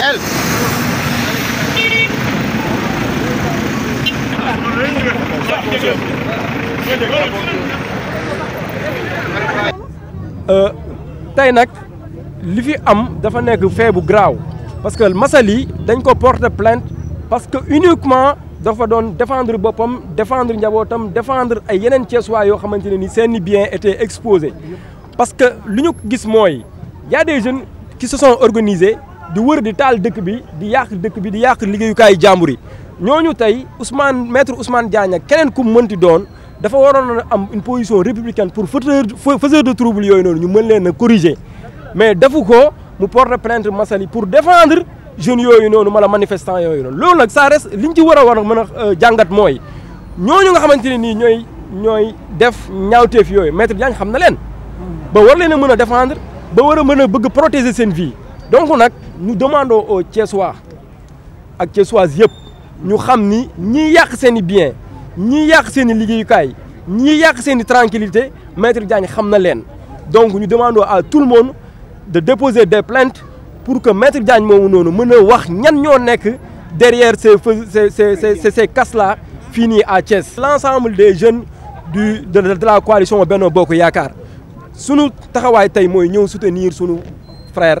Elle. Euh, tainak, nag am dafa nekk fait bu parce que masali, dañ ko porte plainte parce que uniquement dafa doon défendre boppam défendre njabootam défendre ay yeneen Défendre yoo xamante ni bien été exposé, exposés parce que lu ñu gis Il y a des jeunes qui se sont organisés di wër di taal dëkk bi di yàq dëkk bi di yàq liggéeyukaayu jàmbur yi ñooñu tey Ousmane maître Ousmane Diagne keneen ku mënti doon dafa waroon a am une position républicaine pour fauteur faiseur de trouble yooyu noonu ñu mën leen a corriger mais defu ko mu porte plainte Massaly pour défendre jeunes yooyu noonu mala manifestant yooyu noonu loolu nag ça reste liñ ci war a war a mën a euh, jàngat mooy ñooñu nga xamante ne nii ñooy ñooy def ñaawteef yooyu maître Diagne xam na leen ba war leen a mën a défendre ba war a mën a bëgg protéger seen vie donc nag nous demandons aux Thiessois ak Thiessoises nous ñu xam ni ñiy yàq seen i bien ñiy yàq seen i liggéeyukaay ñiy yàq seen tranquillité maître Diagne xam na donc nous demandons à tout le monde de déposer des plaintes pour que maître Diagne moomu noonu mën wax ñan derrière ces ces ces ces ces là Finis à Tchess... l'ensemble des jeunes du de de la coalition Benno Bokk Yaakaar sunu taxawaay tey mooy ñëw soutenir nos frères...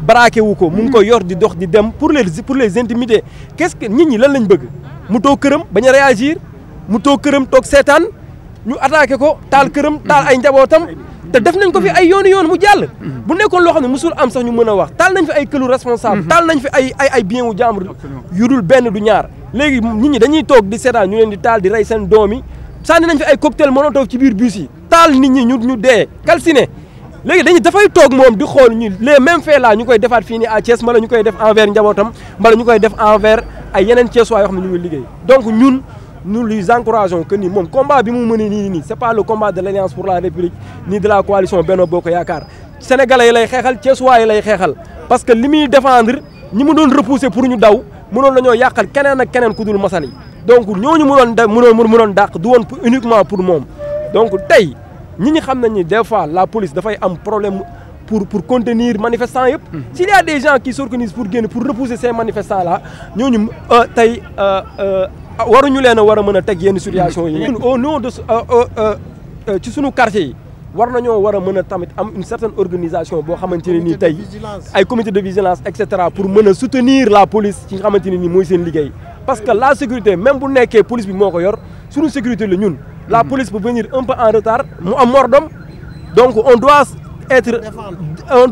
braqué wu ko yor di dox di dem pour les pour les intimider qu'est-ce que nit ñi lan lañ bëgg mu to kërëm réagir mu to kërëm tok ñu ko ay te def nañ ko fi ay yoon yoon mu jall bu musul am sax ñu mëna wax tal nañ fi ay responsable tal nañ fi ay ay ay bien wu du ñaar légui nit ñi dañuy tok di ñu leen di tal di ray seen doomi nañ fi ay cocktail léegi dañu fay tok mom di xool ñu les mêmes faits là ñukoy défat fini à Thiès mala ñukoy def envers njabootam mala ñukoy def envers ay yenen Thiès waa yoo ñu ngi liggéey donc ñun nous lui encourageons que ni mom combat bi mu mënee ni ni c'est pas le combat de l'alliance pour la république ni de la coalition Benno Bokk Yaakaar sénégalais lay xéxal Thiès waa lay xéxal parce que li défendre ñi mu doon repousser pour ñu daw mënon lañu ñoo kenen ak kenen ku dul Massaly donc ñooñu mënoon da mënon mënon dak du won uniquement pour mom donc tay nous savons que des fois la police a un problème pour pour contenir manifestants hmm. S'il y a des gens qui s'organisent pour pour repousser ces manifestants là nous euh, tey euh, euh, ah, nous situation hmm. au nom de euh, euh, ci quartier Nous war une certaine organisation un comité de vigilance etc. pour soutenir la police parce que la sécurité même bu la police bi moo sécurité la police peut venir un peu en retard, nous sommes morts Donc on doit être,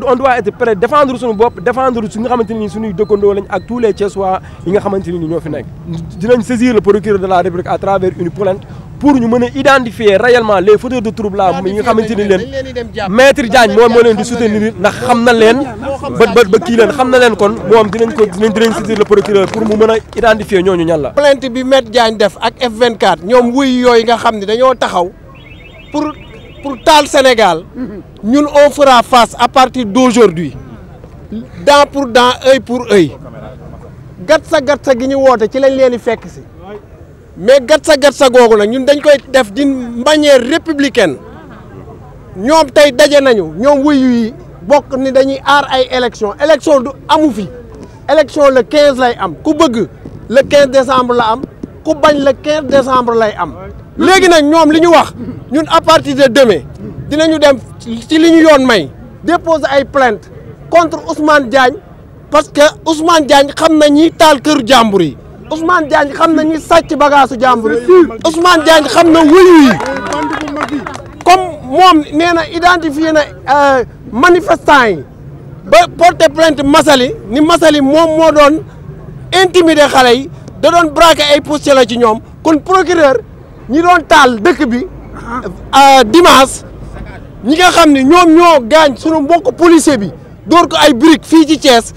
on, doit être prêt à défendre son bop, défendre ce que à tous les xamanteni qui nous Nous devons saisir le procureur de la République à travers une plainte pour ñu identifier réellement les fauteurs de troubles, là nous les maître Diagne leen soutenir nous ba ba ba dinañ ko le procureur pour mu identifier la. plainte bi maître Diagne def F24 nous wuy yoy nga xamni dañoo taxaw pour pour tal Sénégal ñun on fera face à partir d'aujourd'hui dent pour dent œil pour œil gatsa gatsa gi ñu les ci lañ leen fekk mais gatsa gatsa gogo manière républicaine Ñom tay dajé nañu ni dañuy ay élection élection du amu fi le 15 am ku bëgg le 15 décembre la am ku bañ le 15 décembre lay am Légui à partir de demain dinañu dem ci déposer ay plainte contre Ousmane Diagne parce que Ousmane Diagne xam Ousmane Diagne xam na ñi sàcc bagaasu jàmbur Ousmane Diagne xam na wëyu yi comme moom nee na na euh, manifestant yi ba porté plainte Massaly ni Massaly moom moo doon intimider xale yi da doon braqué ay pousse la ci ñoom kon procureur ñi doon taal dëkk bi euh, dimanche ñi nga xam ne ñoom ñoo gaañ sunu mbokk policier bi dóor ko ay briques fii ci Thiès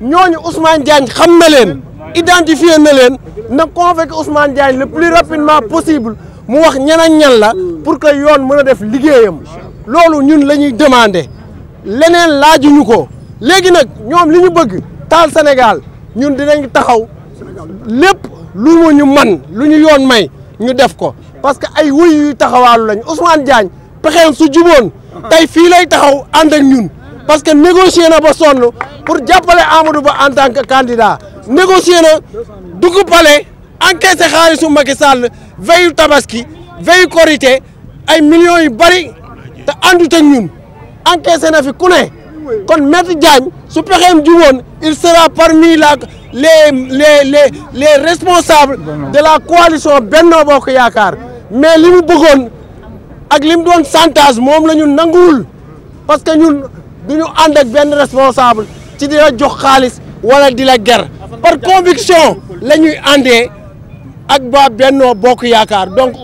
ñooñu Ousmane Diagne xam na leen identifier na leen na convoqué Ousmane Diagne le plus rapidement possible mu wax ñana ñan la pour que yoon mën def liggéeyam lolu ñun lañuy demander lenen leneen ko léegi nak ñom liñu bëgg tal Sénégal ñun dinañ taxaw lepp lu mo ñu man lu ñu yoon may ñu def ko parce que ay wuyu yu taxawaalu lañ Ousmane Diagne pexen su juboon tay fi lay taxaw and ak ñun parce que négocier na ba sonn pour jàppale Amadou Ba en tant que candidat négocier na dugg palais encaissé xaalisu Macky Sall veyu tabaski veyu korité ay millions yu bëri te àndut ak ñun encaissé na fi ku ne. kon maître Diagne su pexeem juwoon il sera parmi la les les les les responsables de la coalition Benno Bokk Yaakaar mais li mu bëggoon ak li mu doon chantage moom la ñu nanguwul parce ñun du ñu ànd ak benn responsable ci di la jox xaalis wala di la ger par conviction la ñuy àndee ak ba Benno Bokk Yaakaar donc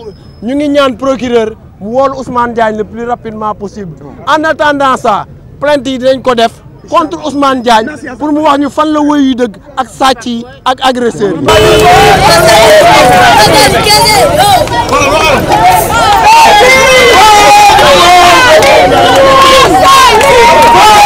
ñu ngi ñaan procureur mu woolu Ousmane Diagne le plus rapidement possible en attendant ça plainte yi dinañ ko def contre Ousmane Diagne pour mu wax ñu fan la woy yu dëgg ak sàcc ak agresseurs yi Go!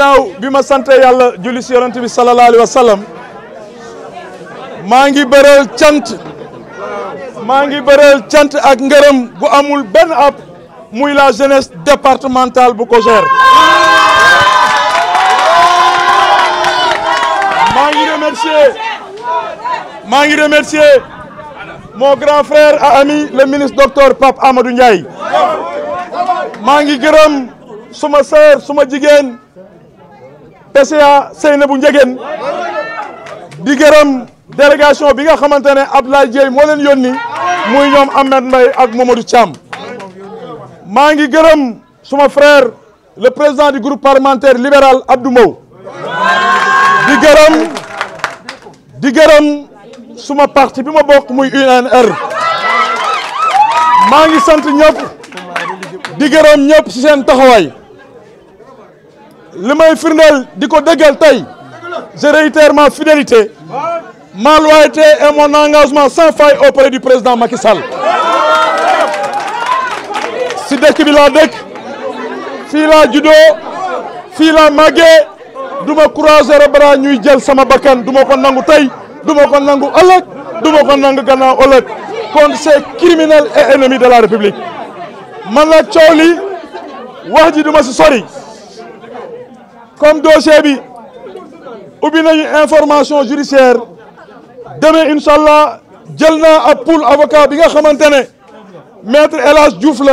ginnaaw bi ma sante yàlla julli si yonent bi sallallahu alayhi wa sallam maa ngi bëral cant maa ngi bëral cant ak ngërëm bu amul benn ab muy la jeunesse départementale bu ko gère maa ngi remercier maa ngi remercier mon grand frère et ami le ministre docteur Pape Amadou Ndiaye maa ngi gërëm suma sœur suma jigéen PCA bu Ndiéguène di gërëm délégation bi nga xamante ne Abdoulaye Dieye moo leen yónni muy ñoom Ahmed Mbaye ak Mamadou Thiam maa ngi gërëm suma frère le président du groupe parlementaire libéral Abdou Mbow di gërëm di gërëm suma parti bi ma bokk muy UNR maa ngi sant ñëpp di gërëm ñëpp ci seen taxawaay Le maire firndeel du côté je réitère ma fidélité ma loyauté et mon engagement sans faille auprès du président Macky Sall si Dek, Judo, Fila vous croiser ñuy jël sama bakan ma ko taille, ma ko ma ko contre criminel et ennemi de la République man nag coow du ma comme dossier bi bien une information judiciaire demain inshallah, allah à avocat bi nga maître Elas M.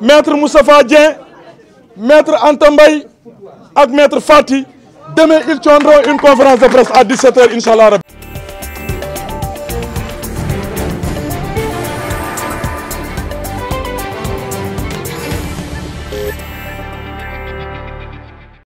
maître Moustapha Dieng maître Anta maître Fati demain ils tiendront une conférence de presse à 17h inshallah.